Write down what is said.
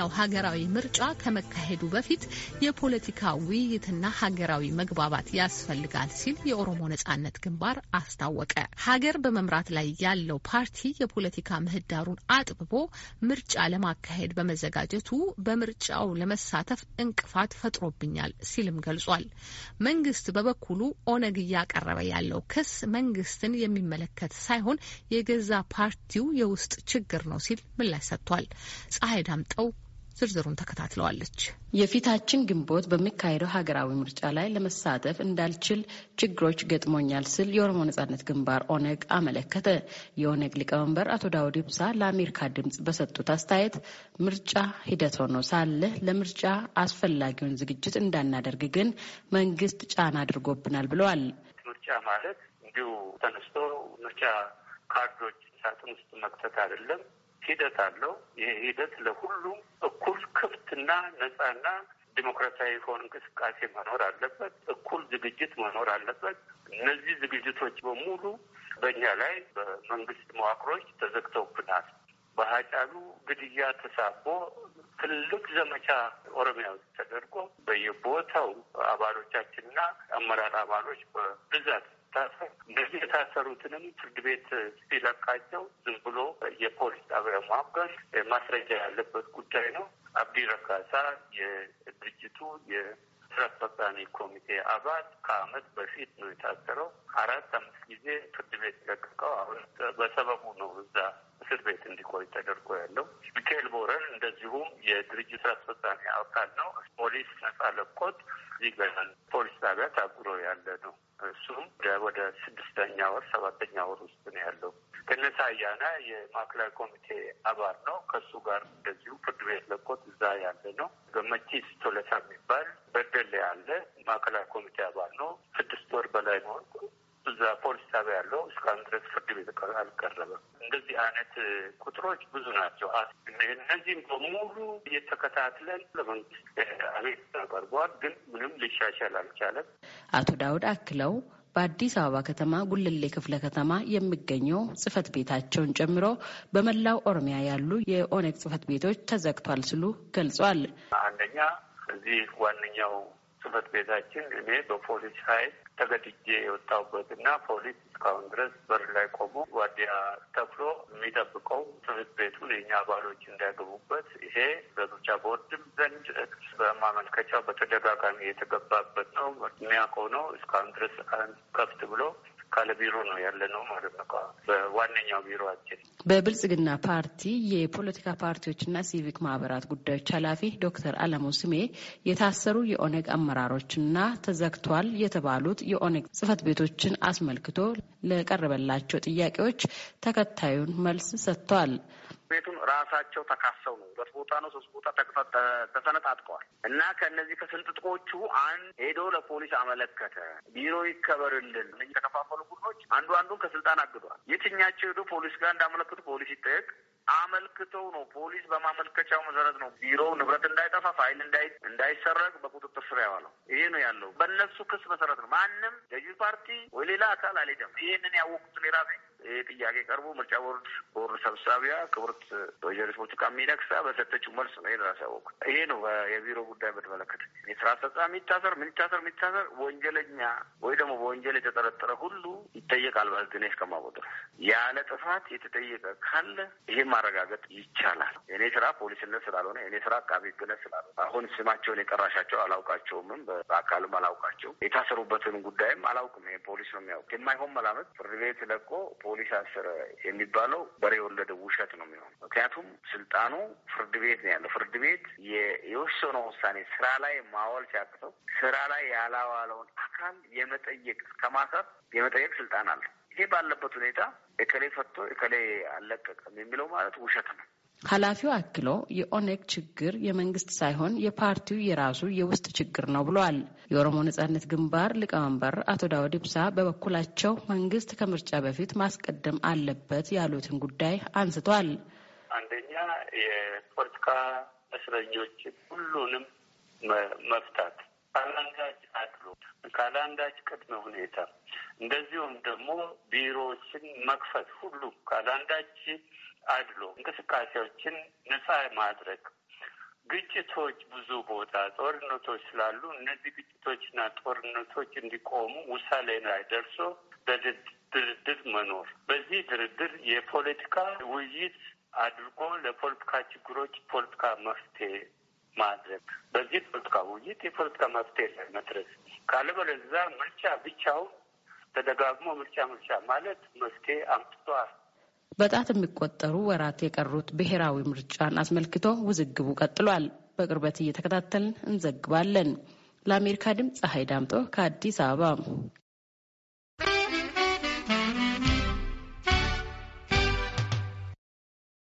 ሶስተኛው ሀገራዊ ምርጫ ከመካሄዱ በፊት የፖለቲካ ውይይትና ሀገራዊ መግባባት ያስፈልጋል ሲል የኦሮሞ ነጻነት ግንባር አስታወቀ። ሀገር በመምራት ላይ ያለው ፓርቲ የፖለቲካ ምህዳሩን አጥብቦ ምርጫ ለማካሄድ በመዘጋጀቱ በምርጫው ለመሳተፍ እንቅፋት ፈጥሮብኛል ሲልም ገልጿል። መንግስት በበኩሉ ኦነግ እያቀረበ ያለው ክስ መንግስትን የሚመለከት ሳይሆን የገዛ ፓርቲው የውስጥ ችግር ነው ሲል ምላሽ ሰጥቷል። ፀሐይ ዳምጠው ዝርዝሩን ተከታትለዋለች። የፊታችን ግንቦት በሚካሄደው ሀገራዊ ምርጫ ላይ ለመሳተፍ እንዳልችል ችግሮች ገጥሞኛል ስል የኦሮሞ ነጻነት ግንባር ኦነግ አመለከተ። የኦነግ ሊቀመንበር አቶ ዳውድ ኢብሳ ለአሜሪካ ድምጽ በሰጡት አስተያየት ምርጫ ሂደት ሆኖ ሳለ ለምርጫ አስፈላጊውን ዝግጅት እንዳናደርግ ግን መንግስት ጫና አድርጎብናል ብለዋል። ምርጫ ማለት እንዲሁ ተነስቶ ምርጫ ካርዶች ሳጥን ውስጥ መክተት አይደለም። ሂደት አለው። ይህ ሂደት ለሁሉም እኩል ክፍትና ነጻና ዲሞክራሲያዊ የሆነ እንቅስቃሴ መኖር አለበት። እኩል ዝግጅት መኖር አለበት። እነዚህ ዝግጅቶች በሙሉ በእኛ ላይ በመንግስት መዋቅሮች ተዘግተውብናል። በሀጫሉ ግድያ ተሳቦ ትልቅ ዘመቻ ኦሮሚያ ውስጥ ተደርጎ በየቦታው አባሎቻችንና አመራር አባሎች በብዛት በመታሰር እንደዚህ የታሰሩትንም ፍርድ ቤት ሲለቃቸው ዝም ብሎ የፖሊስ ጣቢያ ማፍገስ ማስረጃ ያለበት ጉዳይ ነው። አብዲ ረካሳ የድርጅቱ የስራ አስፈጻሚ ኮሚቴ አባል ከአመት በፊት ነው የታሰረው። አራት አምስት ጊዜ ፍርድ ቤት ለቀቀው። አሁን በሰበቡ ነው እዛ እስር ቤት እንዲቆይ ተደርጎ ያለው። ሚካኤል ቦረን እንደዚሁም የድርጅት ስራ አስፈጻሚ አካል ነው። ፖሊስ ነጻ ለቆት እዚህ ገና ፖሊስ ጣቢያ ታጉ ሁለተኛ ወር ውስጥ ነው ያለው። ከነሳ አያና የማዕከላዊ ኮሚቴ አባል ነው። ከሱ ጋር እንደዚሁ ፍርድ ቤት ለቆት እዛ ያለ ነው። ገመቺስ ቶለሳ የሚባል በደል ያለ ማዕከላዊ ኮሚቴ አባል ነው። ስድስት ወር በላይ ነው እዛ ፖሊስ ጣቢያ ያለው እስካሁን ድረስ ፍርድ ቤት አልቀረበም። እንደዚህ አይነት ቁጥሮች ብዙ ናቸው። እነዚህም በሙሉ እየተከታትለን ለመንግስት አቤት ቀርበዋል፣ ግን ምንም ሊሻሻል አልቻለም። አቶ ዳውድ አክለው በአዲስ አበባ ከተማ ጉልሌ ክፍለ ከተማ የሚገኘው ጽህፈት ቤታቸውን ጨምሮ በመላው ኦሮሚያ ያሉ የኦነግ ጽህፈት ቤቶች ተዘግቷል ሲሉ ገልጿል። አንደኛ እዚህ ዋነኛው ጽህፈት ቤታችን እኔ በፖሊስ ኃይል ተገድጄ የወጣሁበት እና ፖሊስ እስካሁን ድረስ በር ላይ ቆሞ ዋዲያ ተክሎ የሚጠብቀው ትምህርት ቤቱ የኛ አባሎች እንዳይገቡበት ይሄ በምርጫ ቦርድም ዘንድ በማመልከቻው በተደጋጋሚ የተገባበት ነው። የሚያውቀው ነው። እስካሁን ድረስ ከፍት ብሎ ካለ ቢሮ ነው ያለ ነው ማለት ነው። በዋነኛው ቢሮችን በብልጽግና ፓርቲ የፖለቲካ ፓርቲዎችና ሲቪክ ማህበራት ጉዳዮች ኃላፊ ዶክተር አለሙ ስሜ የታሰሩ የኦነግ አመራሮችና ተዘግቷል የተባሉት የኦነግ ጽህፈት ቤቶችን አስመልክቶ ለቀረበላቸው ጥያቄዎች ተከታዩን መልስ ሰጥቷል። ቤቱን ራሳቸው ተካሰው ነው። ሁለት ቦታ ነው ሶስት ቦታ ተሰነጣጥቀዋል። እና ከእነዚህ ከስንጥጥቆቹ አንድ ሄዶ ለፖሊስ አመለከተ። ቢሮ ይከበርልን። የተከፋፈሉ ቡድኖች አንዱ አንዱን ከስልጣን አግዷል። የትኛቸው ሄዶ ፖሊስ ጋር እንዳመለክቱ ፖሊስ ይጠየቅ አመልክተው ነው። ፖሊስ በማመልከቻው መሰረት ነው ቢሮው ንብረት እንዳይጠፋ ፋይል እንዳይሰረቅ በቁጥጥር ስር ያዋለው። ይሄ ነው ያለው። በእነሱ ክስ መሰረት ነው። ማንም ገዢ ፓርቲ ወይ ሌላ አካል አልሄደም። ይሄንን ያወቁትን የራሴ ይህ ጥያቄ ቀርቦ ምርጫ ቦርድ ቦርድ ሰብሳቢያ ክብርት ወይዘሪት ብርቱካን ሚደቅሳ በሰጠችው መልስ ነው ይህን ያሳወቁ። ይሄ ነው የቢሮ ጉዳይ በተመለከተ የስራ አስፈጻሚ ይታሰር ምን ይታሰር ምን ይታሰር፣ ወንጀለኛ ወይ ደግሞ በወንጀል የተጠረጠረ ሁሉ ይጠየቃል። በህግን እስከማወቅ ድረስ ያለ ጥፋት የተጠየቀ ካለ ይህን ማረጋገጥ ይቻላል። እኔ ስራ ፖሊስነት ስላልሆነ እኔ ስራ አቃቢ ህግነት ስላልሆነ አሁን ስማቸውን የጠራሻቸው አላውቃቸውምም፣ በአካልም አላውቃቸው የታሰሩበትን ጉዳይም አላውቅም። ይሄ ፖሊስ ነው የሚያውቅ። የማይሆን መላመት ፍርድ ቤት ለቆ ፖሊስ አስር የሚባለው በሬ የወለደ ውሸት ነው የሚሆን። ምክንያቱም ስልጣኑ ፍርድ ቤት ነው ያለው። ፍርድ ቤት የወሰነው ውሳኔ ስራ ላይ ማዋል ሲያቅተው ስራ ላይ ያላዋለውን አካል የመጠየቅ ከማሰር የመጠየቅ ስልጣን አለ። ይሄ ባለበት ሁኔታ እከሌ ፈቶ እከሌ አልለቀቀም የሚለው ማለት ውሸት ነው። ኃላፊው አክሎ የኦነግ ችግር የመንግስት ሳይሆን የፓርቲው የራሱ የውስጥ ችግር ነው ብለዋል። የኦሮሞ ነጻነት ግንባር ሊቀመንበር አቶ ዳውድ ኢብሳ በበኩላቸው መንግስት ከምርጫ በፊት ማስቀደም አለበት ያሉትን ጉዳይ አንስቷል። አንደኛ የፖለቲካ እስረኞች ሁሉንም መፍታት ካላንዳጅ አድሎ ካላንዳጅ ቅድመ ሁኔታ እንደዚሁም ደግሞ ቢሮዎችን መክፈት ሁሉም ካላንዳጅ አድሎ እንቅስቃሴዎችን ነፃ ማድረግ ግጭቶች ብዙ ቦታ ጦርነቶች ስላሉ እነዚህ ግጭቶችና ጦርነቶች እንዲቆሙ ውሳኔ ላይ ደርሶ በድርድር መኖር በዚህ ድርድር የፖለቲካ ውይይት አድርጎ ለፖለቲካ ችግሮች ፖለቲካ መፍትሄ ማድረግ በዚህ ፖለቲካ ውይይት የፖለቲካ መፍትሄ ላይ መድረስ ካለበለዚያ ምርጫ ብቻውን ተደጋግሞ ምርጫ ምርጫ ማለት መፍትሄ አምጥቶ በጣት የሚቆጠሩ ወራት የቀሩት ብሔራዊ ምርጫን አስመልክቶ ውዝግቡ ቀጥሏል። በቅርበት እየተከታተልን እንዘግባለን። ለአሜሪካ ድምፅ ፀሐይ ዳምጦ ከአዲስ አበባ